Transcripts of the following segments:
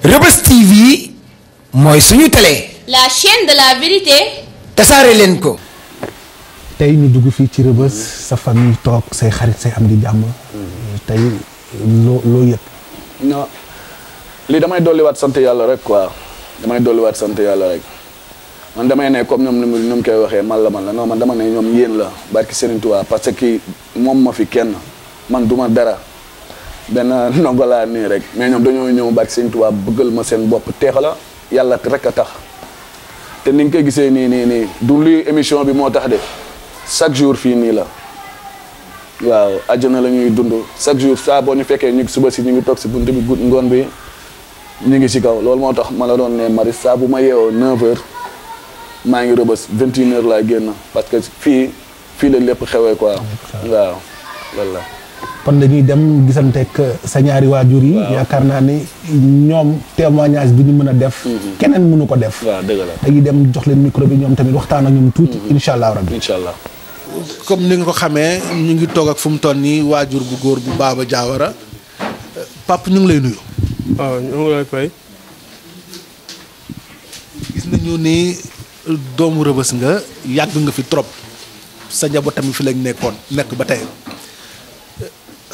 Reubeuss TV mooy suñu télé. la chaîne de la vérité. tasaare leen ko. tey ñu dugg fii ci Reubeuss sa famille toog say xarit say am di jàmm. tey loo loo yëg. non li damay dolliwaat sant yàlla rek quoi damay dolliwaat sant yàlla rek man damay ne comme ñoom ni mu koy waxee man la man la non man dama ne ñoom yéen la barki Serigne Touba parce que moom ma fi kenn man duma dara. benn ndongo laa nii rek mais ñoom dañoo ñëw barke Sëñ Tuubaa bëggal ma seen bopp teexala yàlla rek a tax te ni nga koy gisee nii nii nii du luy émission bi moo tax de chaque jour fii nii la waaw àjjana la ñuy dund chaque jour saa boo ñu fekkee ñu suba si ñu ngi toog si bunt bi gudd ngoon bi ñu ngi si kaw loolu moo tax ma la doon ne mari saa bu ma yeewoo 9h maa ngi rëbës 21h laa génn parce que fii fii la lépp xewee quoi ah, waaw loolu la. kon dañuy dem gisanteeg sa ñaari wajuri yi. yaakaar ni ne ñoom témoignage bi ñu mëna def. Mhm. kenen mënu ko def. waaw dem jox leen micro bi ñom tamit waxtaan ak ñom tout mhm. inshallah rabbi inshallah comme ni nga ko xamé ñu ngi tok ak fu mu tonni wajur bu goor bu Baba jawara pap ñu ngi lay nuyu. waaw ñu ngi lay fay. gis nañu ni doomu rebeus nga yag nga fi trop sa jabo tamit fi lañ nekkon nek ba tay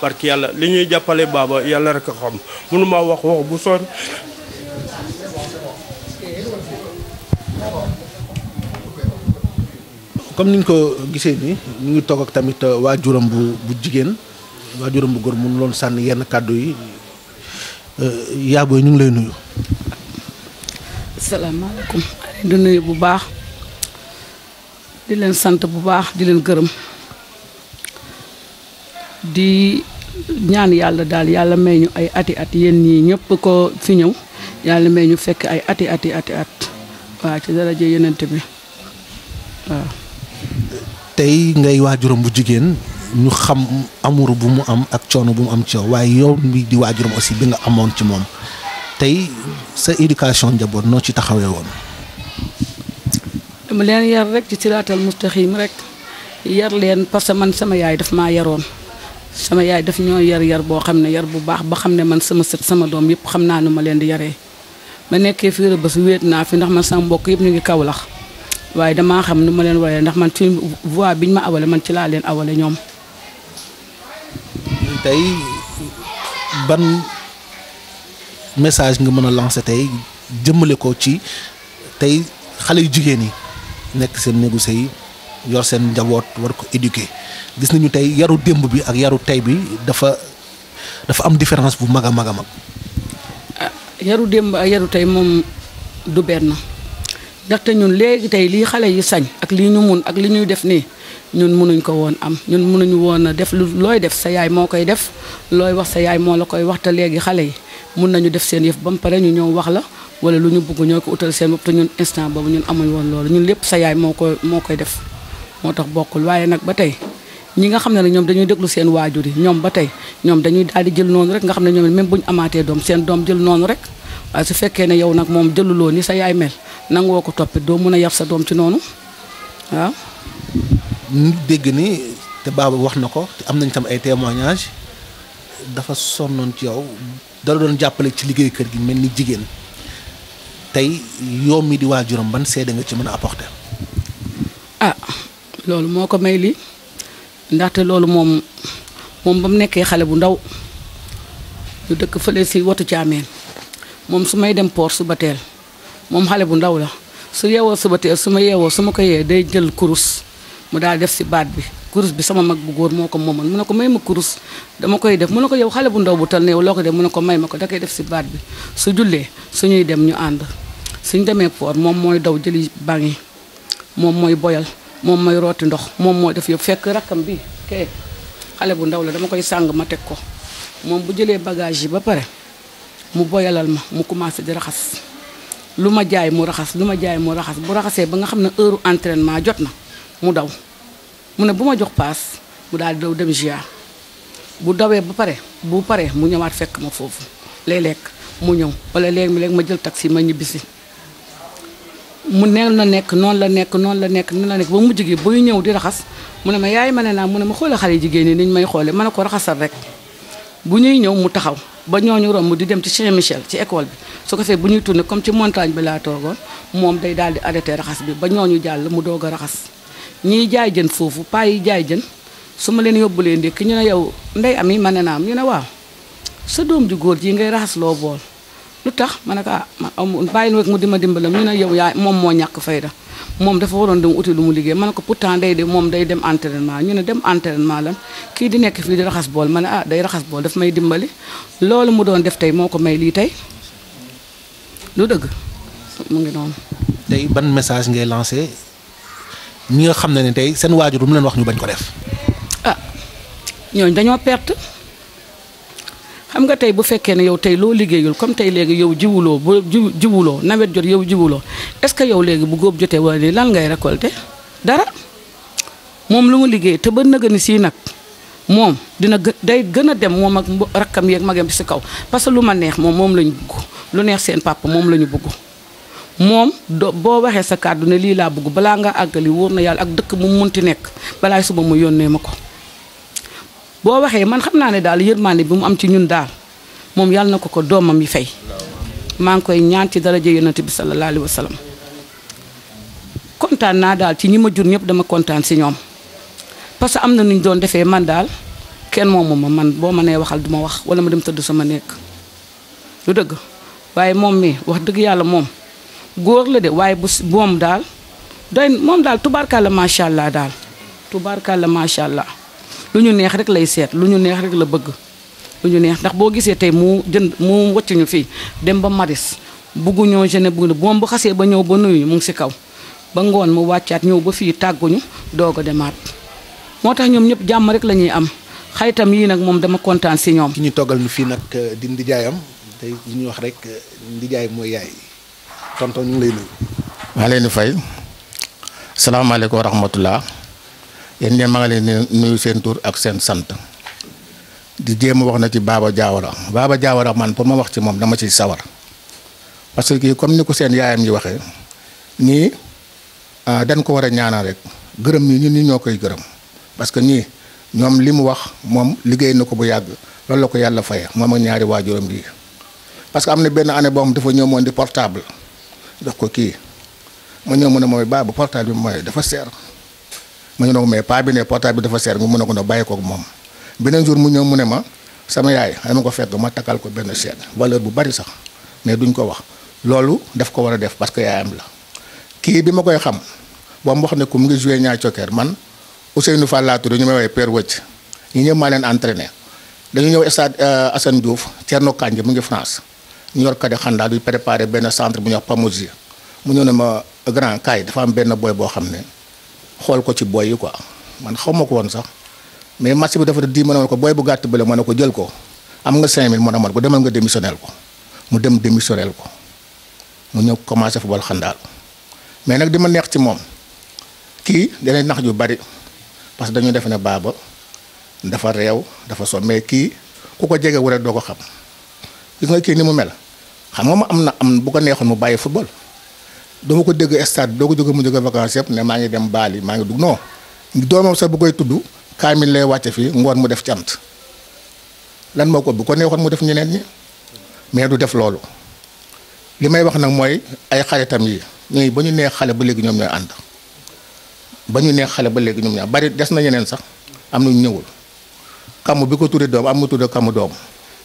barki yalla li ñuy jappalé baba yalla rek a xam mënuma wax wax bu sori comme niñ ko gisé ni ñu ngi tok ak tamit uh, waajuram bu bu jigéen waajuram bu góor mënu lon sànni yenn cadeau yi uh, ya boy ñu ngi lay nuyu alaykum di nuyu bu baax di len sante bu baax di len gërëm di ñaan yàlla daal yàlla may ñu ay ati at yéen ñii ñëpp ko fi ñëw yàlla may ñu fekk ay ati ati ati at waaw ci daraja yonent bi waaw. tey ngay waajuram bu jigéen ñu xam amour bu mu am ak coono bu mu am ci yow waaye yow mi di waajuram aussi bi nga amoon ci moom tey sa éducation njaboot noo ci taxawee woon. dama leen yar rek ci siraatal mustaxim rek yar leen parce que man sama yaay daf maa yaroon. sama yaay daf ñoo yar yar boo xam ne yar bu baax ba xam ne man sama sët sama doom yëpp xam naa nu ma leen di yaree ma nekkee fii Rebeuss wéet naa fi ndax man sama mbokk yëpp ñu ngi Kaolack waaye damaa xam nu ma leen waree ndax man ci voie biñ ma awale man ci laa leen awale ñoom. tey ban message nga mën a lancer tey jëmmale ko ci tey xale yu jigéen yi nekk seen néegu sëy yi yor sen njaboot war ko éduquer gis nañu tay yaru demb bi ak yaru tay bi dafa dafa am différence bu maga maga mag a ah, yaru demb ak yaru tay mom du benn ndaxte ñun légui tay lii xalé yi sañ ak lii ñu mun ak li ñuy def ni ñun mënuñ ko won am ñun mënuñ won def lu def sa yaay mo koy def loy wax sa yaay mo la koy wax ta légui xalé yi mën nañu def seen yef bam paré ñu ñow wax la wala lu ñu bugg ñoo utal seen bop te ñun instant bobu ñun amuñ won lool ñun lepp sa yaay mo koy mo koy def motax bokul waye nak nag ba tey ñi nga xamne ñom dañuy deglu seen wajuri ñom ñoom ba tey dañuy daal di jël nonu rek nga xamne ñom même buñ amaté dom seen dom jël nonu rek wa su fekkee ne yow nak mom jëlulo ni sa yaay mel nang woko topé do mëna yaf sa dom ci nonu wa ñu dégg ni te baaba wax nako am nañ tam ay témoignages dafa sonnon ci yow dala doon jappalé ci liggéey kër gi melni jigen tay yomi di wajuram ban sédé nga ci mëna apporter. ah. loolu moo ko may lii ndaxte loolu moom moom ba mu nekkee xale bu ndaw lu dëkk fële si wotu caameen moom su may dem port suba teel moom xale bu ndaw la su yeewoo suba teel su ma yeewoo su ma ko yee day jël kurus mu daal def si baat bi kurus bi sama mag bu góor moo ko moomoon mu ne ko may ma kurus dama koy def mu ne ko yow xale bu ndaw bu tal ne yow loo ko def mu ne ko may ma ko da koy def si baat bi su jullee suñuy dem ñu ànd suñ demee port moom mooy daw jëli bangi moom mooy boyal moom may rooti ndox moom moo def yëpp fekk rakkam bi kay xale bu ndaw la dama koy sàng ma teg ko moom bu jëlee bagage yi ba pare mu boyalal ma mu commencé di raxas lu ma jaay mu raxas lu ma jaay mu raxas bu raxasee ba nga xam ne heure entraînement jot na mu daw mu ne bu ma jox paas mu daal di daw dem GIA bu dawee ba pare bu paree mu ñëwaat fekk ma foofu lay lekk mu ñëw wala léeg-léeg ma jël taxi ma ñibbisi mu neen la nekk noonu la nekk noonu la nekk noonu la nekk ba mujj gi buy ñëw di raxas mu ne ma yaay ma ne naa mu ne ma xoole xale jigéen ñi niñ may xoole ma ne ko raxasal rek bu ñuy ñëw mu taxaw ba ñooñu romb di dem ci Saint Michel ci école bi su ko fee bu ñuy tourné comme ci montagne bi laa toogoon moom day daal di arrêté raxas bi ba ñooñu jàll mu doog a raxas ñiy jaay jën foofu paa yi jaay jën su ma leen yóbbu leen yóbbulee ki ñu ne yow ndey am yi ma ne naam ñu ne waaw sa doom ju góor ji ngay raxas loo lu tax ma ne ko ah man amul bàyyil rek mu dima dimbalam ñu ne yow yaa moom moo ñàkk da moom dafa waroon dem uti lu mu liggéey man ne ko pourtant day de moom day dem entraînement ñu ne dem entraînement lan kii di nekk fii di raxas bool ma ne ah day raxas bool daf may dimbali loolu mu doon def tey moo ko may lii tey lu dëgg mu ngi noonu. tey ban message ngay lancé ñi nga xam ne ne tey seen waajur mu leen wax ñu bañ ko def. ah ñooñu dañoo perte. xam nga tey bu fekkee ne yow tey loo liggéeyul comme tey léegi yow jiwuloo bu jiwuloo nawet jot yow jiwuloo est-ce que yow léegi bu góob jotee wala lii lan ngay récolter dara moom lu mu liggéey te ba nëgëni sii nag moom dina gë day gën a dem moom ak rakkam yeeg magam si kaw parce que lu ma neex moom moom la bugg lu neex seen papa moom la ñu bugg moom do boo waxee sa kàddu ne lii laa bugg balaa ngaa àggali wóor na yàlla ak dëkk bu mun ti nekk balaa suba mu yónnee ma ko. boo waxee man xam naa ne daal yërmande bi mu am ci ñun daal moom yàlla na ko ko doomam yi fay maa ngi koy ñaan ci daraja yonante bi sallallahu alayhi wa sallam kontaan naa daal ci ñi ma jur ñëpp dama kontaan si ñoom parce que am na nu ñu doon defee man daal kenn moom ma man boo ma nee waxal duma wax wala ma dem tëdd sama nekk lu dëgg waaye moom mi wax dëgg yàlla moom góor la de waaye bu boom daal doy moom daal tubaarkàlla macha allah daal tubaarkàlla macha allah. lu ñu neex rek lay seet lu ñu neex rek la bëgg lu ñu neex ndax boo gisee tey mu jënd mu wàcc fii dem ba maris bugguñoo gene bugg moom bu xasee ba ñëw ba nuyu mu si kaw ba ngoon mu wàccaat ñëw ba fii tàgguñu doog a demaat moo tax ñoom ñëpp jàmm rek la ñuy am xaytam yii nag moom dama kontaan si ñoom. ki ñu toggal ñu fii nag euh, di ndijaayam tey li ñuy wax rek euh, ndijaay mooy yaay tonton ñu ngi lay nuyu. maa leen fay salaamaaleykum wa rahmatullah yéen ñëpp ma ngi leen nuyu seen tour ak seen sant di jéem wax na ci Baba jawara Baba jawara man pour ma wax ci moom dama ci sawar parce que comme ni ko seen yaayam yi waxee nii ah, dañ ko war a ñaanal rek gërëm ñi ñun ñi ñoo koy gërëm parce que ñii ñoom li mu wax moom liggéey na ko bu yàgg loolu la ko yàlla fay moom ak ñaari waajuram bii parce que am na benn année dafa ñëw moon di portable daf ko kii ma ñëw mu ne mooy Baba portable bi mooy dafa seer. ma ñu ne ko mais paa bi ne portable bi dafa seer mu mën a ko ne bàyyi koog moom beneen jour mu ñëw mu ne ma sama yaay dama ko fekk ma takkal ko benn chaîne valeur bu bari sax mais duñ ko wax loolu daf ko war a def parce que yaayam la kii bi ma koy xam ba mu wax ne ku mu ngi joué ñaar cokkeer man Ousseynou Fall laa tudd ñu may woowee Père Wëcc ñu ñëw maa leen entraîné dañu ñëw stade euh, Assane Diouf Thierno Kandji mu ngi France ñu yor kadi xandaa du préparé ben centre bu ñuy wax Pamosi mu ñëw ne ma grand kaay dafa am benn boy boo xam ne. xool ko ci booy yi quoi man xaw ma ko woon sax mais match bi dafa di ma ne ko booy bu gàtt bële ma a ko jël ko am nga 5000 mu ne ma ko demal nga démissionnel ko mu dem démissionnel ko mu ñëw commencé football xandaal mais nag di ma neex ci moom kii danañ nax yu bari parce que dañu def ne baaba dafa réew dafa sol mais kii ku ko jege wu doo ko xam gis nga kii ni mu mel xam nga ma am na am bu ko neexoon mu bàyyi football. duma ko dégg stade doo ko jóge mu jóge vacances yëpp ne maa ngi dem Bali maa ngi dugg non doomam sax bu koy tudd kaamil lay wàcce fii ngoon mu def cant lan moo ko bu ko neexoon mu def ñeneen ñi mais du def loolu li may wax nag mooy ay xaritam yi ñooy ba ñu nee xale ba léegi ñoom ñooy ànd ba ñu nee xale ba léegi ñoom ñooy bari des na yeneen sax am na ñëwul kamu bi ko tuddee doom am na tuddee kamu doom.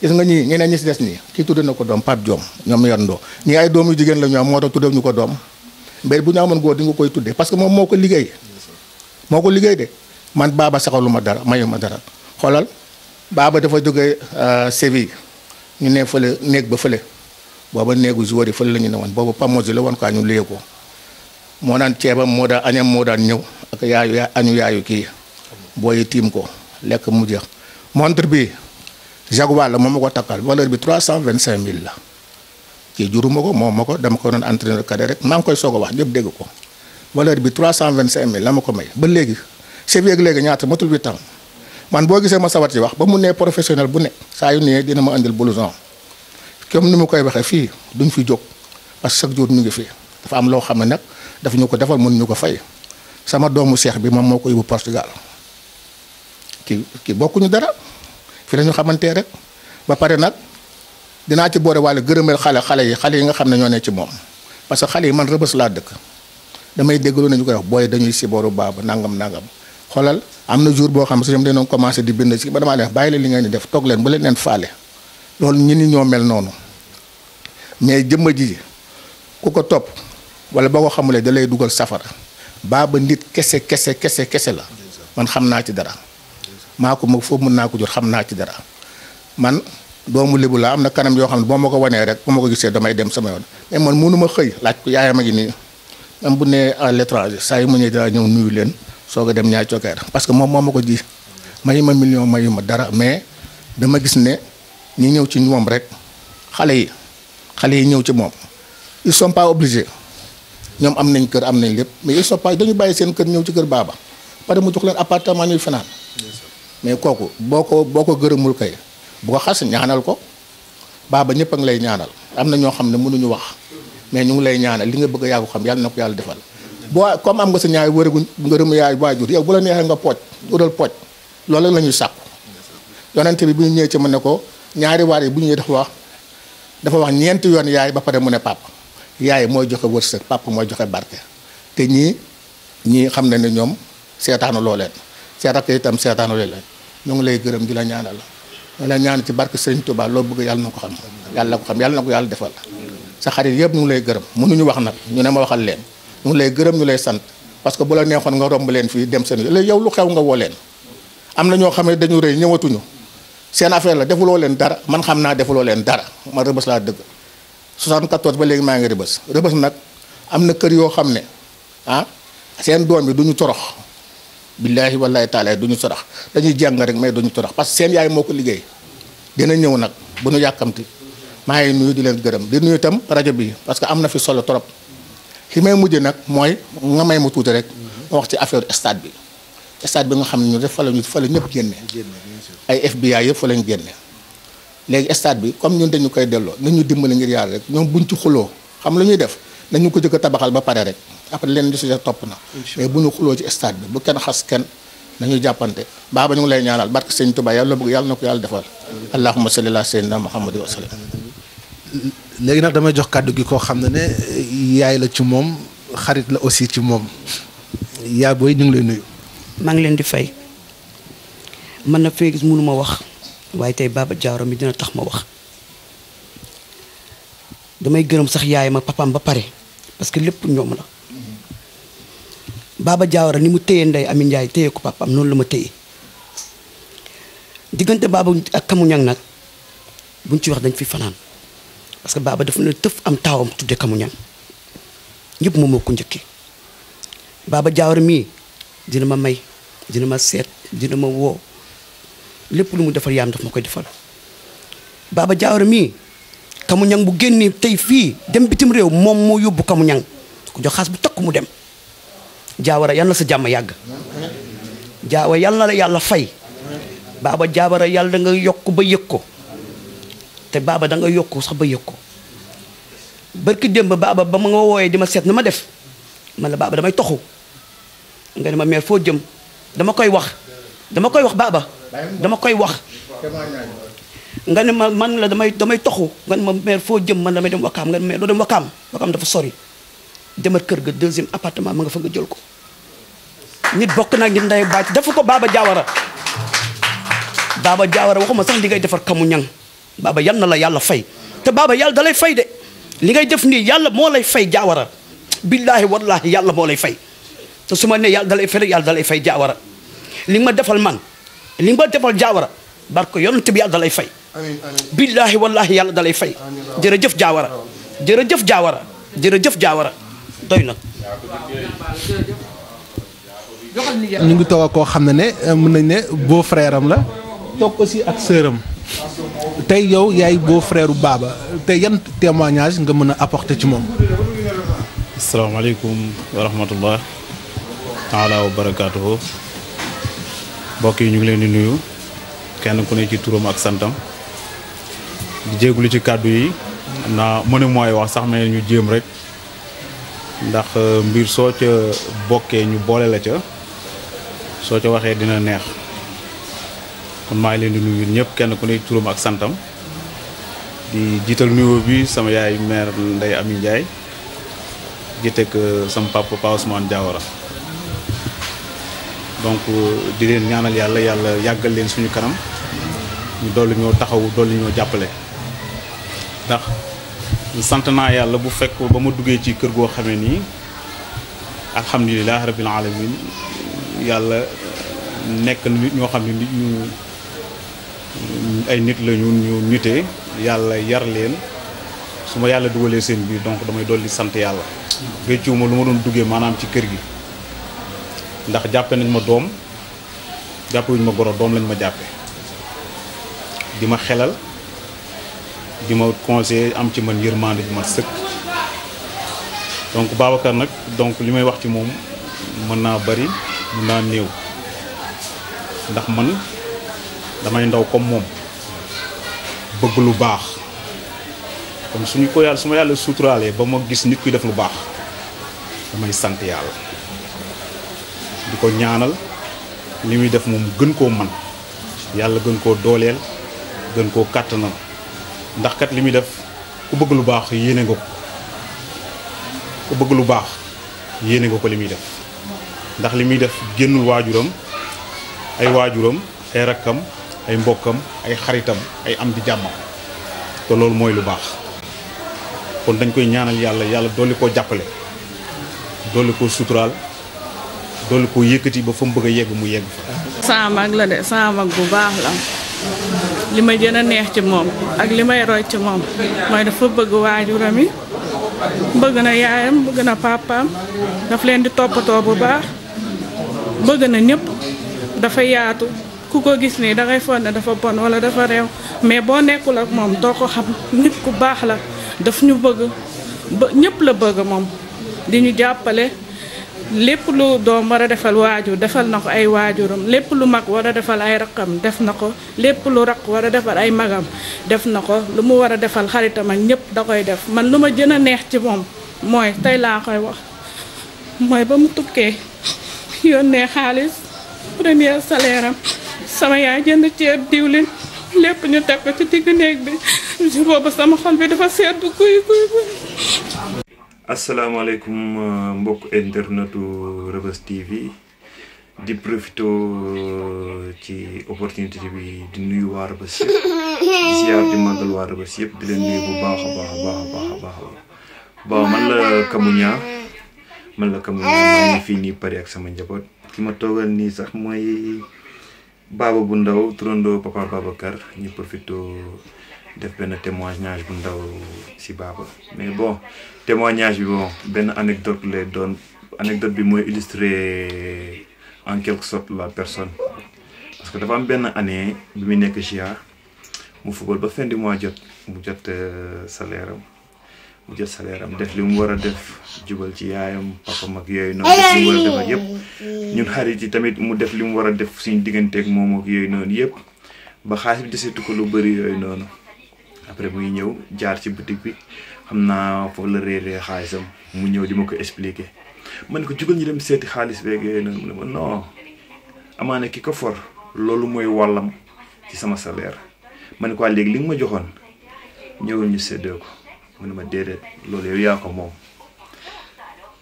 gis nga ñii ñeneen ñi si des nii kii tudd na ko doom Pape Diom ñoom yor ndoo ñii ay doom yu jigéen lañu ñu am moo tax tuddew ñu ko doom mbéy bu ñu amoon góor di nga koy tuddee parce que moom moo ko liggéey moo ko liggéey de man baaba saxalu ma dara mayu ma dara xoolal baaba dafa jógee euh, Séville ñu ne fële néeg ba fële booba néegu joueur yi fële la ñu ne woon boobu Pamosi la woon quoi ñu léegi ko moo daan ceebam moo daan añam moo daan ñëw ak yaayu añu yaayu kii booy tiim ko lekk mu jeex montre bi Jaguar la moom ma ko takkal valeur bi trois cent vingt cinq mille la kii juruma ko moom ma ko dama ko doon entraîneur cadet rek maa koy soog a wax ñëpp dégg ko valeur bi trois cent vingt cinq mille la ma ko may ba léegi chef yeeg léegi ñaata matul huit ans man boo gisee ma sawar ci wax ba mu nee professionnel bu ne saa yu nee dina ma andil blouson comme ni mu koy waxee fii duñ fi jóg parce que jour ñu ngi fii dafa am loo xam ne nag daf ñu ko defal mën ñu ko fay sama doomu seex bi moom moo ko yóbbu Portugal kii kii bokkuñu dara. fi la ñu xamantee rek ba pare nag dinaa ci boore wàllu gërëmel xale xale yi xale yi nga xam ne ñoo ne ci moom parce que xale yi man rëbës laa dëkk damay déglu nañu ko wax booy dañuy sibooru baaba nangam nangam xoolal am na jour boo xam ne ñoom dañoo commencé di bind si ba damaa def bàyyi leen li ngeen di def toog leen bu leen leen faale loolu ñi ni ñoo mel noonu mais jëmm ji ku ko topp wala boo ko xamulee da lay dugal safara baaba nit kese kese kese kese la xam naa ci dara maa ko moog foofu mun naa ko jur xam naa ci dara man doomu lébu laa am na kanam yoo xam ne boo ma ko wanee rek boo ma ko gisee damay dem sama yoon mais man mënu ma xëy laaj ko yaayam a ngi nii même bu nee à l'étranger saa yu mu ñëw nuyu leen soog a dem ñaay cokkeer parce que moom moo ma ko ji mayu ma million mayu ma dara mais dama gis ne ñi ñëw ci moom rek xale yi xale yi ñëw ci moom ils sont pas ñoom am nañ kër am nañ lépp mais ils sont dañu bàyyi seen kër ñëw ci kër baaba pare mu jox leen appartement ñuy fanaan mais kooku boo ko boo ko gërëmul kay bu ko xas ñaanal ko baaba ñëpp a ngi lay ñaanal am na ñoo xam ne mënuñu wax mais ñu ngi lay ñaanal li nga bëgg yaa xam yàlla na ko yàlla defal boo comme am nga sa ñaay wërëgu ngërëmu yaay waajur yow bu la neexee nga pooj ural pooj loolu la ñuy sàkku yonente bi bu ñu ñëwee ci mu ne ko ñaari waar yi bu ñuy dafa wax dafa wax ñeenti yoon yaay ba pare mu ne pàpp yaay mooy joxe wërsëg papa mooy joxe barke te ñii ñii xam na ne ñoom seetaanu loo leen seetaanu loo leen ñoo ngi lay gërëm di la ñaanal ñu la ñaan ci barke Sëriñ Touba loo bëgg yàlla na ko xam yàlla na ko xam yàlla na ko yàlla defal sa xarit yëpp ñu lay gërëm mënuñu wax nag ñu ne ma waxal leen ñu lay gërëm ñu lay sant parce que bu la neexoon nga romb leen fii dem seen léegi yow lu xew nga woo leen am na ñoo xam ne dañu rëy ñëwatuñu seen affaire la defuloo leen dara man xam naa defuloo leen dara ma rëbës laa dëgg 74 ba léegi maa ngi rëbës rëbës nag am na kër yoo xam ne ah seen doom yi duñu torox billaahi wallaahi taala du ñu sarax dañuy jàng rek mais duñu sarax parce que seen yaay moo ko liggéey dina ñëw nag bu nu yàkkamti maa ngi nuyu di leen gërëm di nuyu itam rajo bi parce que am na fi solo trop li may mujj nag mooy nga may mu tuuti rek ma wax ci affaire stade bi stade bi nga xam ne ñu def fa la ñu fa la ñëpp génne ay FBI yëpp fa lañ génne léegi stade bi comme ñun dañu koy delloo nañu dimbali ngir yàlla rek ñoom buñ ci xuloo xam la ñuy def dañu ko jëkk a tabaxal ba pare rek après leen di si topp na mais bu ñu xuloo ci stade bi bu kenn xas kenn nañu jàppante baaba ñu ngi lay ñaanal barke sëñ Tuubaa yàlla bëgg yàlla na ko yàlla defal allahumma salli ala sayyidina muhammad wa sallam léegi nag damay jox kàddu gi koo xam ne ne yaay la ci moom xarit la aussi ci moom yaa booy ñu ngi lay nuyu maa ngi leen di fay mën na fee gis mënuma wax waaye tey Baba Diawara mi dina tax ma wax damay gërëm sax yaay ma papam ba pare parce que lépp ñoom la Baba Diawara ni mu téye ndey Amy Ndiaye téye ko am noonu la ma téye diggante Baba ak Kamuñang nag buñ ci wax dañ fi fanaan parce que Baba dafa na tëf am taawam tudde Kamuñang ñëpp moom moo ko njëkki Baba Diawara mii dina ma may dina ma seet dina ma woo lépp lu mu defal yaam daf ma koy defal Baba Diawara mii kamu ñang bu génnee tey fii dem bitim réew moom moo yóbbu kamu ñang ko jox xaas bu takk mu dem jaawara yal na sa jàmm yàgg jaawa yàlla na la yàlla fay baaba jaabara yàlla da nga yokk ba yëg ko te baaba da nga yokk sax ba yëg ko barki démb baaba ba ma nga wooyee di ma seet na ma def man la baaba damay toxu nga ma meer foo jëm dama koy wax dama koy wax baaba dama koy wax nga ne ma man la damay damay toxu nga ne ma mère foo jëm man damay dem wakkaam nga ne ma doo dem wakkaam wakkaam dafa sori demal kër ga deuxième appartement ma nga fa nga jël ko nit bokk nag nit nday bàcc dafa ko baaba jaawara baaba jaawara waxuma sax li ngay defar kamu ñang baaba yal na la yàlla fay te baaba yàlla da lay fay de li ngay def nii yàlla moo lay fay jaawara billaahi wallaahi yàlla moo lay fay te su ma ne yàlla da fay rek yàlla da lay fay jaawara li nga ma defal man li nga ma defal jaawara barko yonent bi yàlla da lay fay billaahi wallaahi yàlla dalay fay jërëjëf jaawara jërëjëf jaawara jërëjëf jaawara doy nag ñu ngi toog koo xam ne ne eh, mën nañ ne beau frère am la toog aussi ak sœur tey yow yaay beau frère u Baba tey yan nga mën a apporter ci moom asalaamaaleykum wa rahmatullah taala wa barakaatuhu mbokk yi ñu ngi leen di nuyu kenn ku ne ci turam ak santam di jéeglu ci kàddu yi am na mënu mooy wax sax mais ñu jéem rek ndax euh, mbir soo ca bokkee ñu boole la ca soo ca waxee dina neex kon maa leen di nuyu ñëpp kenn ku ne turam ak santam di jiital nuyoo bi sama yaay maire Ndeye Amy Ndiaye jiite ak euh, sama papa Pa Ousmane Diawara donc euh, di leen ñaanal yàlla yàlla yàggal leen suñu kanam ñu dolli ñoo taxawu dolli ñoo jàppale ndax sant naa yàlla bu fekk ba ma duggee ci kër goo xamee nii alhamdulilah rabbil alamin yàlla nekk nit ñoo xam ne nit ñu ay nit la ñu ñu nitee yàlla yar leen su ma yàlla dugalee seen biir donc damay dolli sant yàlla. wéccuwuma lu ma doon duggee maanaam ci kër gi ndax jàppe nañ ma doom jàppewuñ ma goro doom lañ ma jàppe di ma xelal. di ma conseiller am ci man yërmande bi ma sëkk donc Babacar nag donc li may wax ci moom mën naa bari mën naa néew ndax man damay ndaw comme moom bëgg lu baax kon suñu ko yàlla su ma yàlla suturaalee ba ma gis nit kuy def lu baax damay sant yàlla di ko ñaanal li muy def moom gën koo man yàlla gën koo dooleel gën koo kàttanal ndax kat li muy def ku bëgg lu baax yéene nga ko ku bëgg lu baax yéene nga li muy def ndax li muy def génnul waajuram ay waajuram ay rakkam ay mbokkam ay xaritam ay am di jàmm te loolu mooy lu baax kon dañ koy ñaanal yàlla yàlla dolli koo jàppale dolli ko suturaal dolli ko yëkkati ba fa mu bëgg a yegg mu yegg fa. sama la de sama bu baax la. li ma jën a neex ci moom ak li may roy ci moom mooy dafa bëgg waajuram yi bëgg na yaayam bëgg na papaam daf leen di toppatoo bu baax bëgg na ñëpp dafa yaatu ku ko gis nii dangay fonde dafa bon wala dafa réew mais boo nekkul ak moom doo ko xam nit ku baax la daf ñu bëgg ba la bëgg moom di ñu jàppale lépp lu doom war a defal waajur defal na ko ay waajuram lépp lu mag war a defal ay raqam def na ko lépp lu raq war a defal ay magam def na ko lu mu war a defal xaritam ak ñépp da koy def man lu ma jën a neex ci moom mooy tey laa koy wax mooy ba mu tukkee yónnee xaalis premier salaire am sama yaay jënd ceeb diwlin lépp ñu teg ko ci digg néeg bi boobu sama xol bi dafa sedd kuy kuy kuy alaikum uh, mbok internetu rebus TV di profito uh, ci opportunité bi di nuyu waa Reubeuss di ziar di màggal waa Reubeuss yep di len nuyu bu baakha baakha baakha baakha baax a man la kamunya man la kamunya ma ngi fi ni pare ak sama njabot ki ma togal ni sax moy baba bu ndaw turandoo papa Babacar ñu profito def ben témoignage bu ndaw si baba mais bon. témoignage bi bon benn anecdote lay doon anecdote bi mooy illustrer en quelque sorte la personne parce que dafa am benn année bi muy nekk GA mu football ba fin du mois jot mu jot euh, salaire mu jot salaire am def li mu war a def jubal ci yaayam papa mag yooyu noonu def li mu war a def ak yëpp ñun xarit yi tamit mu def li mu war a def suñu digganteeg moom ak yooyu noonu yëpp ba xaalis bi desetu ko lu bëri yooyu noonu après muy ñëw jaar ci boutique bi xam naa foofu la réeree xaalisam mu ñëw di ma ko expliquer man ko jugal ñu dem seeti xaalis beeg yooyu noonu mu ne ma non ki ko for loolu mooy wàllam ci sama salaire ma ne ko ah, léegi li ma joxoon ñëwul ñu séddoo ko mu ne ma déedéet loolu yow yaa ko moom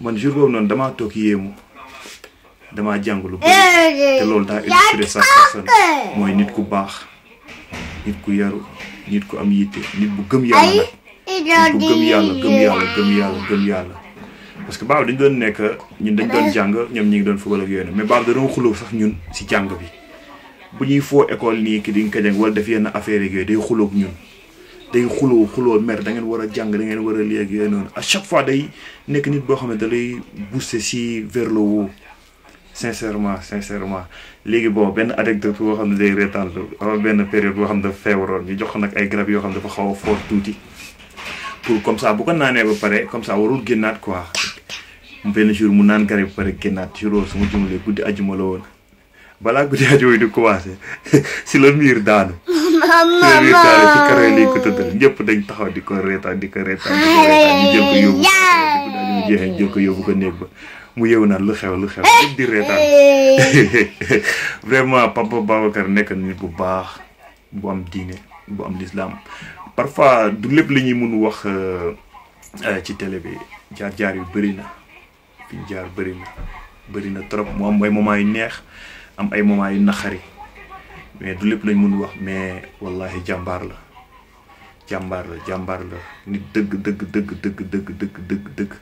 man jour boobu noonu damaa toog yéemu damaa jàng lu bëri te loolu daa illustré sa personne mooy nit ku baax nit ku yaru nit ku am yitte nit bu gëm yàlla surtout gëm yàlla gëm yàlla gëm yàlla gëm yàlla parce que baaw dañ doon nekk ñun dañ doon jàng ñoom ñi ngi doon football ak yooyu mais baaw dañoo xuloo sax ñun si jàng bi bu ñuy foo école nii ki di nga kajang wala def yenn affaire yooyu day xuloo ak ñun day xuloo xuloo mer da ngeen war a jàng da ngeen war a léegi yooyu noonu à chaque fois day nekk nit boo xam ne da lay booster si vers le haut sincèrement sincèrement léegi bon benn anecdote boo xam ne day reetaan la benn période boo xam ne dafa feebaroon ñu jox nag ay garab yoo xam ne dafa xaw a fort tuuti pour comme ça bu ko kan nané ba pare comme ça warul gennat quoi mu jour ya. mu nan kare ba pare génnaat jour su ma jumlee guddi ajuma la woon balaa guddi ajuma di commencé si le mur daanu mama miir daanu ci kare lii ko tëddal ñëpp dañ taxaw di ko reetaan di ko reetaan eh. di ko reetaan ñu jël ko yóbbu guddi ajuma jeexee jël ko yóbbu ko néeg mu yew lu xew lu xew di reetaan vraiment papa babacar nekk nit bu baax bu am diine bu am l'islam parfois du lépp li ñuy mun wax euh, euh, ci télé bi jaar jaar yu bëri na fi jaar bëri na bëri na trop mu am ay moment yu neex am ay moment yu naxari mais du lépp lañ mun wax mais wallahi jàmbaar la jàmbaar la jàmbaar la nit dëgg dëgg dëgg dëgg dëgg dëgg dëgg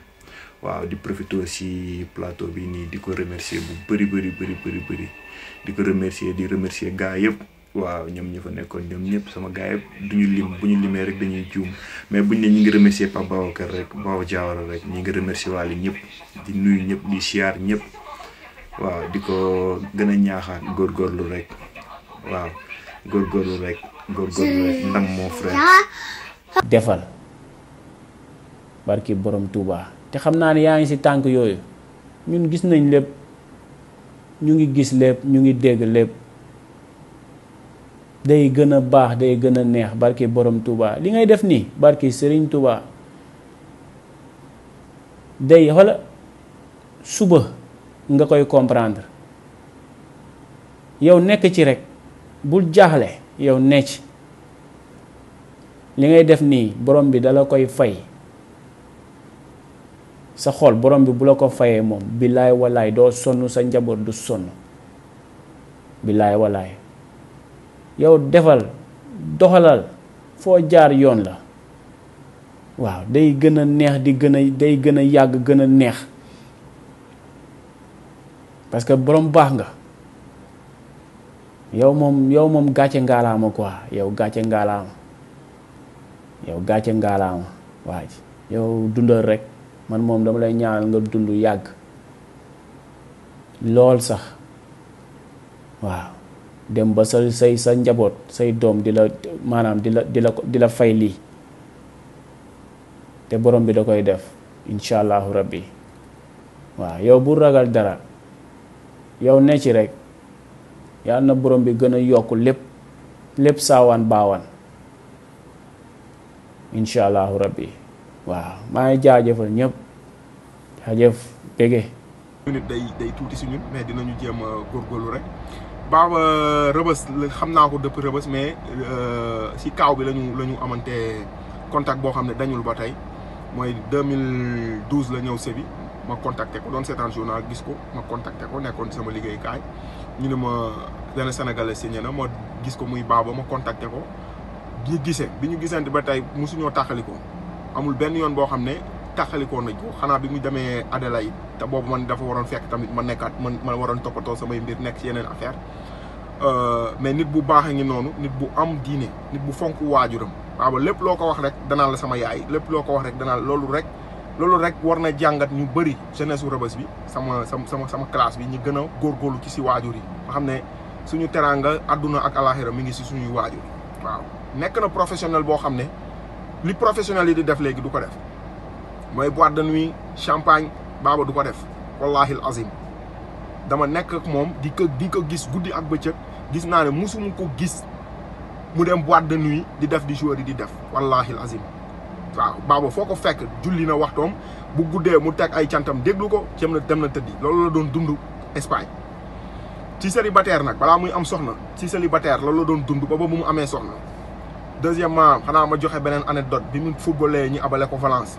waaw di profité plato plateau bi nii di ko remercier bu beri bëri bëri bëri bëri di ko remercier di remercier gars waaw ñoom ñi fa nekkoon ñoom ñëpp sama gars yi ñu lim bu ñu limee rek dañuy juum mais buñ ne ñi ngi remercier Pape Babacar rek Baba Diawara rek ñi ngi remercier waale ñëpp di nuyu ñëpp di siyaar ñëpp waaw di ko gën a ñaaxaat góorgóorlu rek waaw góorgóorlu rek góorgóorlu rek ndam moo frère defal barki boroom Touba te xam naa ne yaa ngi si tànk yooyu ñun gis nañ lépp ñu ngi gis lépp ñu ngi dégg lépp day gëna a baax day gëna neex barké borom Touba li ngay def ni barké Serigne Touba day hola suba nga koy comprendre yow nek ci rek bul jaxlé yow necc li ngay def ni borom bi dala koy fay sa xol borom bi bu la ko fayé mom billahi walaay do sonu sa njabot du sonu billahi yow defal doxalal foo jaar yoon la waaw day gën a neex di gën a day gën a yàgg gën a neex parce que borom baax nga yow moom yow moom gàcce ngaalaama quoi yow gàcce ngaalaama yow gàcce ngaalaama waa ji yow dundal rek man moom dama lay ñaanal nga dund yàgg lool sax waaw dem ba sa say sa njabot say dom di manam dila di dila di di fay li te borom bi da koy def inshallah rabbi wa yow bu ragal dara yow ne ci rek ya na borom bi gëna yok lepp lepp sawan bawan inshallah incha allahu rabbi waaw maa ngi jaajëfal ñëpp jaajëf bége. day day tuti si ñun mais dinañu jéem gorgolu rek. Baba rëbës xam naa ko depuis rëbës mais euh, si kaaw bi lañu la ñu amante contact boo xam ne dañul ba tey mooy 2012 la ñëw Sébi ma contacté ko doon seetaan journal gis ko ma contacté ko nekkoon sama liggéey liggéeykaay ñu ne ma benn sénégalais signé na ma gis ko muy Baba ma contacté ko ñu gisee bi ñu gisante ba tey mosuñoo tàqali ko amul benn yoon boo xam ne. ko nañ ko xana bi mu démé Adelaide té bobu man dafa waron fekk tamit man nekkat man ma waroon toppatoo mbir nekk ci yenen affaire euh, mais nit bu baax ngi nonu nit bu am diiné nit bu fonku wajuram waaw lépp loko ko wax rek dana la sama yaay lepp loko wax rek dana lolu rek lolu rek warna jangat ñu bari jeunesse bi sama sama sama classe bi ñi gëna a góorgóorlu ci si waajur yi nga xamné suñu teranga aduna ak alakhirah mi ngi ci suñu waajur waaw nekk na professionnel bo xamné li professionnel yi di def léegi du ko def moy boîte de nuit champagne baba du ko def wallahi alazim dama nek ak mom di ko di ko gis goudi ak bëccëg gis na ne musum ko gis mu dem boîte de nuit di def di jouer di def wallahi alazim azim waaw baaba foo fekk julli na waxtom bu goudé mu tek ay cantam déglu ko ci am na dem na tëddi lolou la doon dundu Espagne ci célibataire nak bala muy am soxna ci célibataire lolou la doon dundu baba ba mu amé soxna deuxièmement xana ma joxe benen anecdote bi mu footballee ñi abalé ko Valence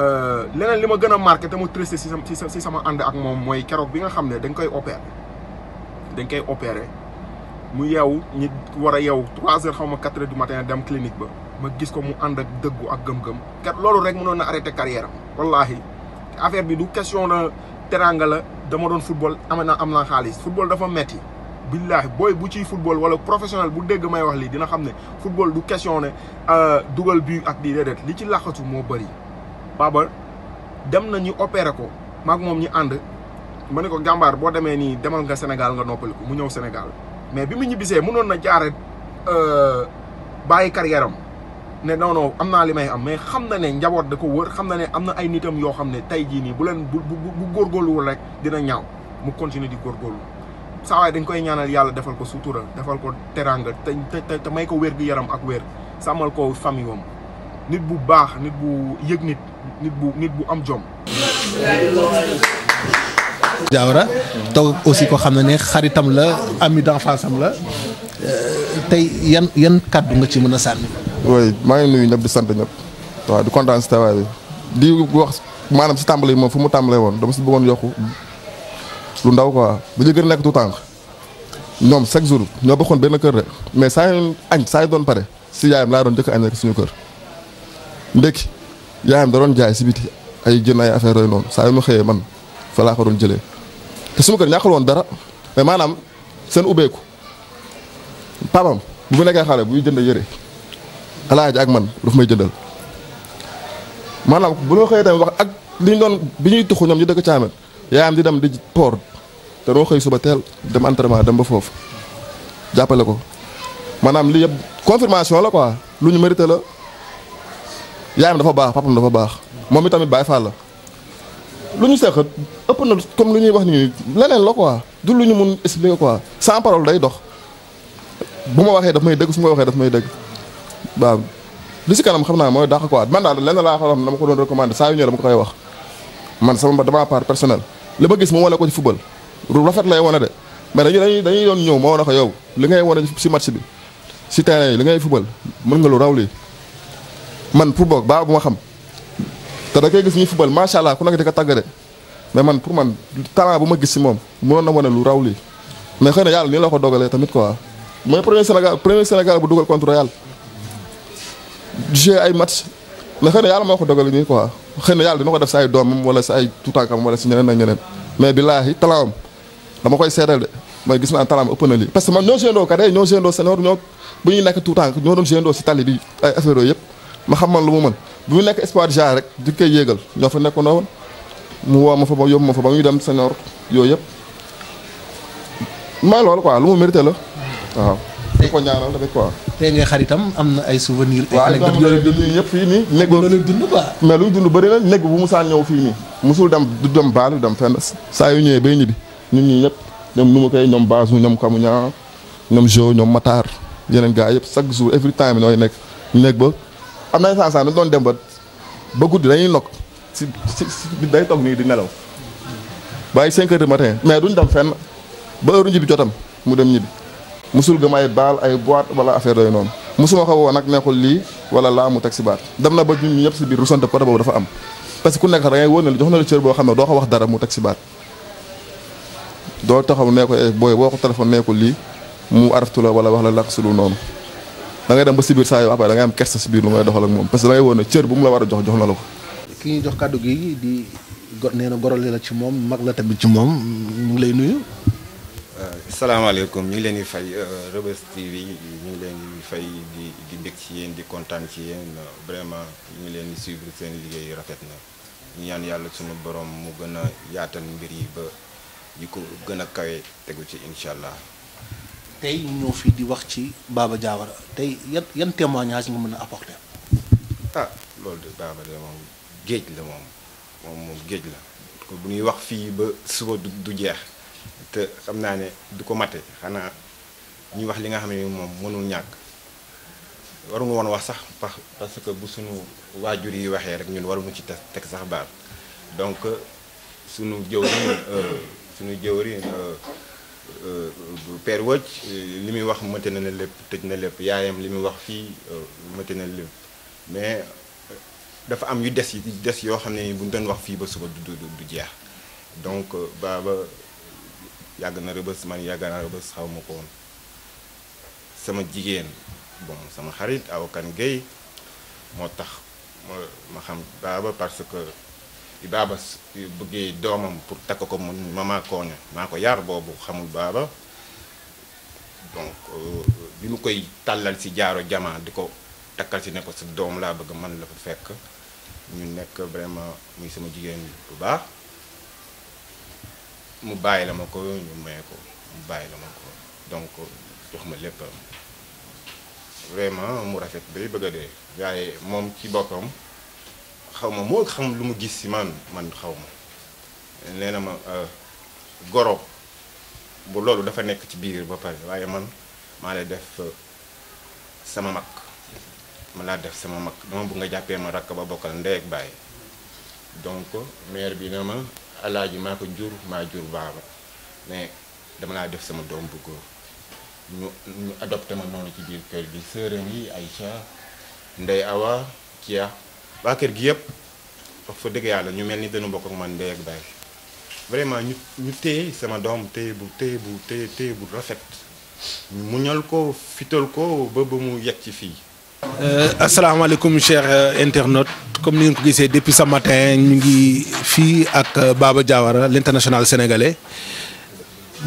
Euh, leneen li ma gën a marqué te ma triste ci sama si sama ànd ak moom mooy keroog bi nga xam ne dañ koy opéré dañ koy opéré mu yeewu ñi war a yeewu trois heures xaw ma quatre heures du matin dem clinique ba ma gis ko mu ànd ak dëggu ak gëm-gëm kat loolu rek mënoon na arrêté carrière wallahi affaire bi du question na teranga la dama doon football am na am naa xaalis football dafa metti billaahi booy bu ci football wala professionnel bu dégg may wax lii dina xam ne football du question ne euh, dugal bi ak di li ci laxatu moo bëri baaba dem nañu opéré ko maag moom ñu ànd ma ne ko gàmbaar boo demee nii demal nga Sénégal nga noppali mu ñëw Sénégal mais bi mu ñibbisee mënoon na jaare euh, bàyyi carrière yaram ne non non am naa li may am mais xam na ne njaboot da ko wër xam na ne am na ay nitam yoo xam ne tey jii nii bu leen bu bu góorgóorluwul rek dina ñaaw mu continuer di góorgóorlu saa waay dañ koy ñaanal yàlla defal ko sutura defal ko teraanga te te te may ko wér gi yaram ak wér sàmmal ko famille nit bu baax nit bu yëg nit. nit bu nit bu am jom. Diawara aussi ko xam ne ni xaritam la ami d'enfance am la euh, tey yan yan kàddu nga ci mën a sànni. oui maa ngi nuyu ñëpp di sant ñëpp waaw di kontaan si tawaay bi di wax maanaam si tàmbali moom fu mu tàmbalee woon dama si bëggoon yokku lu ndaw quoi bu ñu gën a nekk tout temps ñoom chaque jour ñoo bokkoon benn kër rek mais saa yu añ saa yu doon pare si yaayam laa doon njëkk a añ rek suñu kër ndekki. yaayam da doon jaay si biti ay jën ay affaire yooyu noonu saa yu ma xëyee man fa laa ko doon jëlee te suma kër ñàkkul woon dara mais maanaam seen ubbeeku papam bu mu nekkee xale buy jënd yëre alaaji ak man daf may jëndal maanaam bu ñu xëyee tamit wax ak li ñu doon bi ñuy tuxu ñoom ñu dëkk caamen yaayam di dem di port te doo xëy suba teel dem entraînement dem ba foofu jàppale ko maanaam li yëpp confirmation la quoi lu ñu mérité yaayam dafa baax papam dafa baax moom itamit Baay Faal la lu ñu seq ëpp na comme lu ñuy wax nii leneen la quoi du lu ñu mun expliquer quoi sans parole day dox bu ma waxee daf may dëgg su ma waxee daf may dëgg waaw li si kanam xam naa mooy dàq quoi man daal lenn laa xam ne dama ko doon recommander saa yu ñëw dama ko koy wax man sama dama part personnel li ma gis mu wane ko ci football lu rafet lay wane de mais dañu dañuy dañuy doon ñëw moo wane ko yow li ngay wane si match bi si terrain yi li ngay football mën nga lu raw lii man pour boog baa bu ma xam te da kay gis ñuy football ma sha allah ku nak di ko tàggate mais man pour man talent bu ma gis ci mom mu non na wone lu rawli mais xeyna yalla ni la ko dogalee tamit quoi moy premier Sénégal premier Sénégal bu dugal contre Real j'ai ay match mais xeyna yalla moko dogal ni quoi xeyna yalla dina ko def say dom wala say ay wala si ñeneen ak ñeneen mais billahi talent dama koy sédal de moy gis na talent am ëpp na lii parce que man ñoo jëndo ka kat ñoo jëndo senior ñoo bu ñu nekk tuutànk ñoo doon jëndo ci tali bi ay affaire yooyu yëpp ma xam man lu mu mën bu mu nekk espoir genre rek di koy yéegal ñoo fa nekk woon mu woo ma fa ba yóbbu ma fa ba ñu dem senior yooyu yëpp mooy loolu quoi lu la waaw. di ko ñaanal tamit quoi. tey am na ay souvenirs. ay yëpp fii nii. néeg loolu dund quoi. lu mu dund néeg bu mu saan ñëw fii nii. dem dem baal dem fenn saa yu ñëwee bay ñibbi ñun ñii ñëpp ñoom nu ma koy ñoom base ñoom Kamuña ñoom Jo ñoom Matar yeneen gars yëpp chaque jour every time nooy nekk néeg ba. am na instant sax dañ doon dem ba ba guddi dañuy nokk si si day toog nii di nelaw bàyyi 5 heures du matin mais duñ dem fenn ba heure ñibbi jotam mu dem ñibbi musul gëm ay baal ay boîte wala affaire yooyu noonu musuma ko woo nag neexul lii wala laa mu teg si baat dem na ba ñun ñëpp si biir rusante côté boobu dafa am parce que ku nekk da ngay wóor ne jox na la cër boo xam ne doo ko wax dara mu teg si baat doo taxaw nee eh, ay booy boo ko téléphone neexul lii mu araftu la wala wax la lakk sulu noonu da ngay dem ba sibir biir saa yoo après da ngay am kersa sibir lu ngay doxal ak mom parce que da ngay woon ne bu mu la wara jox jox na la ko. ki ñu jox kàddu gi di neena gorol la ci mom mag la tamit ci mom mu ngi lay nuyu. assalamu euh, alaykum ñu leen di fay euh, Reubeuss TV ñu leen di fay di di bég ci yeen di contane ci yeen vraiment ñu leen di suivre seen liggéey rafet na ñu ñaan yalla suñu borom mu gëna yaatal mbir yi ba yi ko gën a kawe ci inshallah tay ñu ñëw fii di wax ci Baba jawara tay yeen témoignage nga mëna apporter. ah lool de Baba de mom geej la mom mom mom geej la ko bu ñuy wax fi ba suba du jeex te xamna ne du ko mate xana ñuy wax li nga xamné mom mënu ñak waru ñu won wax sax parce que bu suñu waajur yi waxee rek ñun ñu ci tek sax baat donc suñu euh suñu euh Euh, per Wëcc euh, li muy wax mëte na lépp tëj na lépp yaayam li muy wax fii euh, mëte na lépp mais dafa am yu des yi des yoo xam ne ni bu ñu doon wax fii ba suba du du jeex donc baaba yàgg na rëbës man yàgg naa rëbës xaw ma ko woon sama jigéen bon sama xarit aw kan Gueye moo tax ma xam baaba parce que baaba bëggee doomam pour takk ko mu mama kooña mako yar boobu xamul baba donc euh, bi mu koy tàllal si jaaro jama diko ko takkal si ne sa doom la bëgg man la fa fekk ñu nekk vraiment muy sama jigéen bu baax mu bàyyi la mako ko ñu may ko mu bàyyi la mako ko donc jox ma léppam vraiment mu rafet bay bëgg a dee waaye ci boppam xaw ma moo xam lu mu gis si man man xaw ma nee na ma euh, goro bu loolu dafa nekk ci biir ba pare waaye man maa lay def euh, sama mag ma laa def sama mag dama bëgg nga jàppee ma rakk ba bokkal ndey ak donc maire bi na ma alaaji maa ko jur maa jur mais dama laa def sama doom bu ñu ñu adopté ma noonu ci biir kër gi sërëm yi Aïcha Ndey Awa Kia waa kër gi yëpp wax fa dëgg yàlla ñu mel ni dañu bokk ak man ndey ak baay vraiment ñu ñu sama doom téye bu téye bu téye bu rafet ñu muñal ko fital ko ba ba mu yegg ci fii. Euh, asalaamaaleykum chers euh, internet comme ni nga ko gisee depuis ce matin ñu ngi fii ak euh, Baba Diawara l'international sénégalais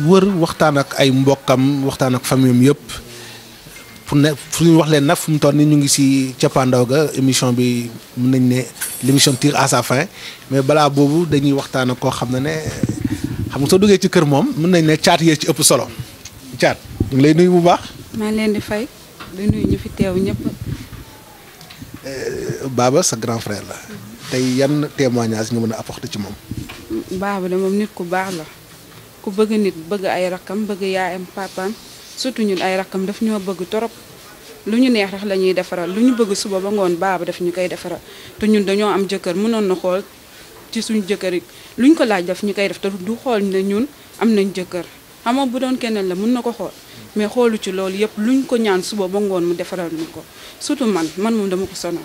wër waxtaan ak ay mbokkam waxtaan ak famille yëpp. fu ne fu ñu wax leen nag fu mu toll nii ñu ngi si cappaandaw ga émission bi mën nañ ne l' émission tire à sa fin mais balaa boobu dañuy waxtaan ak koo xam ne ne xam nga soo duggee ci kër moom mën nañ ne caat yee ci ëpp solo caat ñu ngi lay nuyu bu baax. maa leen di fay di nuyu ñu fi teew ñëpp. Euh, Baba sa grand frère la. tey yan témoignage nga mën a apporter ci moom. Baba de nit ku baax la ku bëgg nit bëgg ay rakkam bëgg yaayam papaam. surtout ñun ay rakkam daf ñoo bëgg torop lu ñu neex la ñuy defaral lu ñu bëgg suba ba ngoon baaba daf ñu koy defaral te ñun dañoo am jëkkër mënoon na xool ci suñu jëkkër yi lu ko laaj daf ñu koy def te du xool ne ñun am nañ jëkkër xam bu doon keneen la mën na ko xool mais xoolu ci loolu yëpp lu ñu ko ñaan suba ba ngoon mu defaral ko surtout man man moom dama ko sonal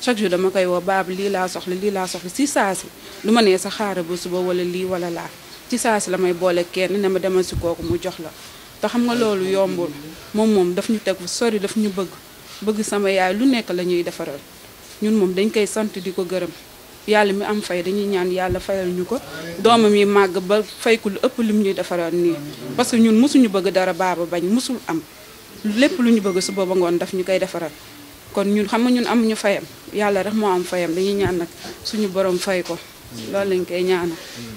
chaque jour dama koy woo baaba lii laa soxla lii laa soxla si saasi lu ma nee sa xaara ba suba wala lii wala laa ci saa si la may boole kenn ne ma demal si kooku mu jox la te xam nga loolu yombul moom moom daf ñu teg sori daf ñu bëgg bëgg sama yaay lu nekk la ñuy defaral ñun moom dañ koy sant di ko gërëm yàlla mi am fay dañuy ñaan yàlla fayal ñu ko doomam yi màgg ba fay ko lu ëpp mu ñuy defaral nii parce que ñun mosuñu bëgg dara baaba bañ mosul am lépp lu ñu bëgg su booba ngoon daf ñu koy defaral kon ñun xam nga ñun amuñu fayam yàlla rek moo am fayam dañuy ñaan nag suñu borom fay ko loolu lañ koy ñaanal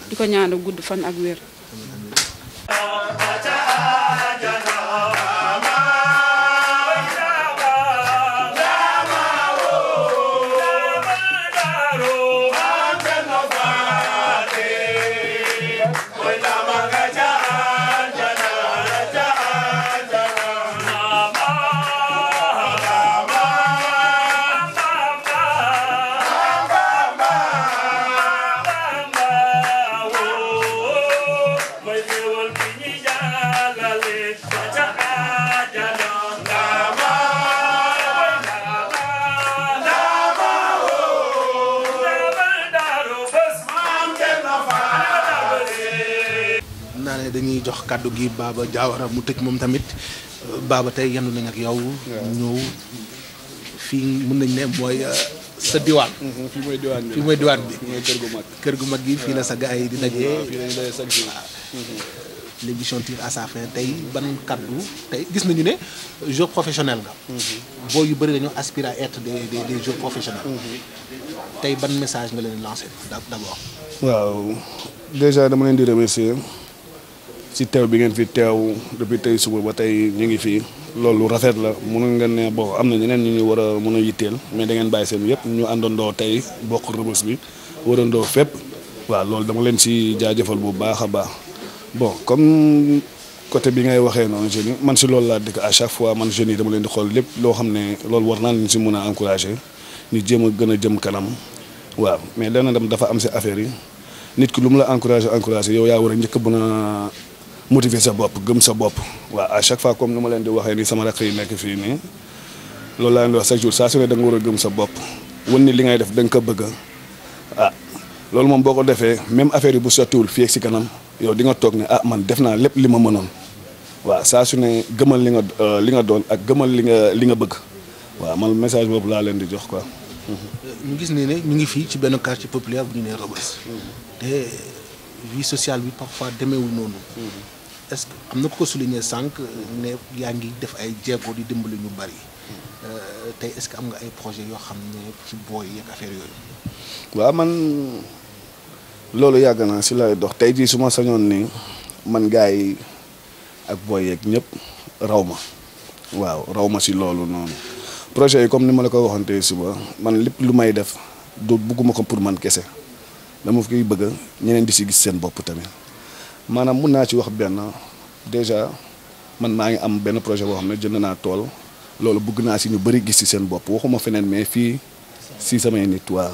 di ko ñaanal gudd fan ak wér. Jana. kàddu gi Baba Diawara mu tëj moom tamit Baba tey yendu nañ ak yow. ñëw fii mën nañ ne mooy uh, sa diwaan. Mm-hmm. fii mooy diwaan bi diwaan bi. kër gu mag kër gu mag gi fii la sa gars yi di daje. Mm-hmm. l'émission tire à sa fin tey ban kaddu tey gis nañu ne joueur professionnel nga. Mm-hmm. boo yu bëri dañoo aspiré à être des des tey ban message nga leen lancé d'abord. waaw déjà dama leen di remercier. si tew bi ngeen fi tew depuis tey suba ba tey ñu ngi fi loolu rafet la mun nga ne bo am na ñeneen ñu ñu war a mun a yitteel mais da ngeen bàyyi seen yëpp ñu àndandoo tey bokk rëbës bi warandoo fépp waaw loolu dama leen ci jaajëfal bu baax a baax bon comme côté bi ngay waxee noonu jeunes yi man si loolu laa dëkk à chaque fois man jeunes yi dama leen di xool lépp loo xam ne loolu war naa leen si mun a encourager ñu jéem a gën a jëm kanam waaw mais dana dem dafa am si affaire yi nit ki lu mu la encourager encourager yow yaa war a njëkk mën a motiver sa bopp gëm sa bopp waaw à chaque fois comme ni ma leen di waxee nii sama raq yi nekk fii nii loolu laa leen di wax chaque jour saa su ne da war a gëm sa bopp wan ni li ngay def danga ko bëgg ah loolu moom boo ko defee même affaire yi bu sottiwul fii ak si kanam yow di nga toog ne ah man def naa lépp li ma mënoon waaw saa su ne gëmal li nga euh, li nga doon ak gëmal li nga li nga bëgg waaw man message boobu laa leen di jox ko euh, ñu gis ne ne ñu ngi fii ci benn quartier populaire bu ñu nee Rebeuss. Mm-hmm. te vie sociale bi parfois demeewul noonu. Mm-hmm. est ce que am na ko souligné ne yaa ngi def ay jéego di dimbali ñu bari euh, tey est ce que am nga ay projet yoo xam ci booy yeeg affaire man lolo ya naa si lay dox tey jii su ni man gars yi ak booy yeeg ñëpp raw waaw si lolo noonu projet yi comme ni ma la ko waxante suba man lip lu may def du bugguma ko pour man kese dama koy bëgg ñeneen di si gis seen tamit. maanaam mun naa ci wax benn déjà man maa ngi am benn projet boo xam ne jënd naa tool loolu bëgg naa si ñu bëri gis si seen bopp waxuma feneen mais fii si samay nit waaw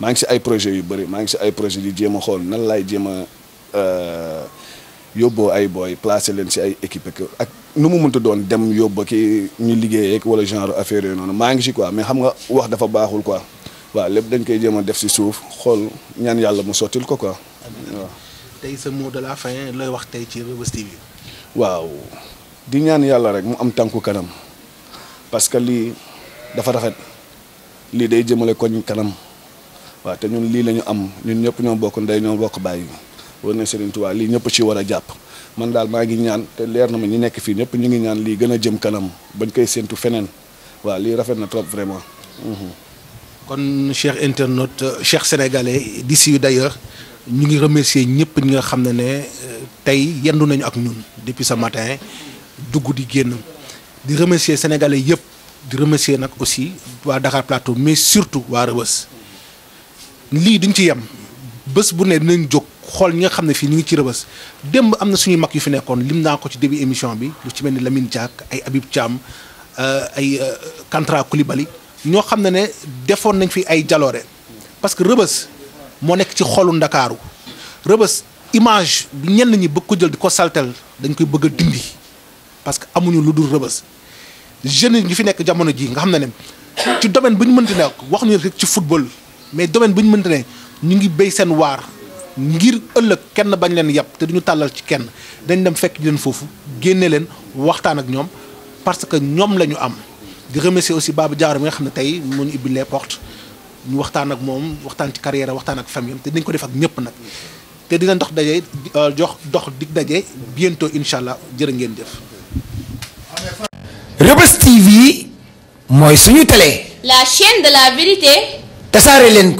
maa ngi si ay projet yu bari maa ngi si ay projet di jéem a xool nan laay jéem a euh, yóbboo ay booy placé leen si ay équipe ak nu mu mun mënta doon dem yóbba ki ñu liggéeyee wala genre affaire yooyu noonu maa ngi si quoi mais xam nga wax dafa baaxul quoi waaw lépp dañ koy jéem a def si suuf xool ñaan yàlla mu sottil ko quoi tey sa mot de la fin lay wax tay ci Reubeuss TV waaw di ñaan yalla rek mu am tanku kanam parce que li dafa rafet li day jëmele koñ kanam wa te ñun li lañu am ñun ñëpp ñoo bokk ndey ñoo bokk bàyyi war na Serigne Touba li ñëpp ci wara japp man dal maa ngi ñaan te leer na ma ñi nekk fii ñëpp ñu ngi ñaan li gëna jëm kanam bañ koy sentu fenen wa li rafet na trop vraiment. kon cher internaute cher sénégalais d'ici d'ailleurs ñu ngi remercier ñëpp ñi nga xam ne ne euh, tey yendu nañu ak ñun depuis ce matin dugg di génn di remercier sénégalais yëpp di remercier nag aussi waa Dakar Plateau mais surtout waa Rëbës lii duñ ci yem bés bu ne nañ jóg xool ñi nga xam ne fii ñu ngi ci Rëbës démb am na suñuy mag yu fi nekkoon lim naa ko ci début émission bi lu ci mel ni Lamine Diack ay Habib Thiam euh, ay euh, Kantra Koulibaly ñoo xam ne ne defoon nañ fi ay jaloore parce Rëbës. moo nekk ci xolu ndakaaru rëbës image bi ñenn ñi bëgg ko jël di ko saltel dañ koy bëgg a dindi parce que amuñu lu dul rëbës jeunes ñi fi nekk jamono ji nga xam ne ne ci domaine bu ñu mënti nekk wax ñu rek ci football mais domaine bu ñu mënti ne ñu ngi béy seen waar ngir ëllëg kenn bañ leen yàpp te duñu tàllal ci kenn dañ dem fekk leen foofu génne leen waxtaan ak ñoom parce que ñoom la ñu am di remercier aussi Baba Diawara mi nga xam ne tey moo ñu ubbi les ñu waxtaan ak moom waxtaan ci carrière waxtaan ak famille te dinañ ko def ak ñëpp nag te dina dox daje jox dox dig daje bientôt incha allah jërë ngeen jëf. Reubeuss TV mooy suñu télé. la chaîne de la vérité. tasaare leen ko.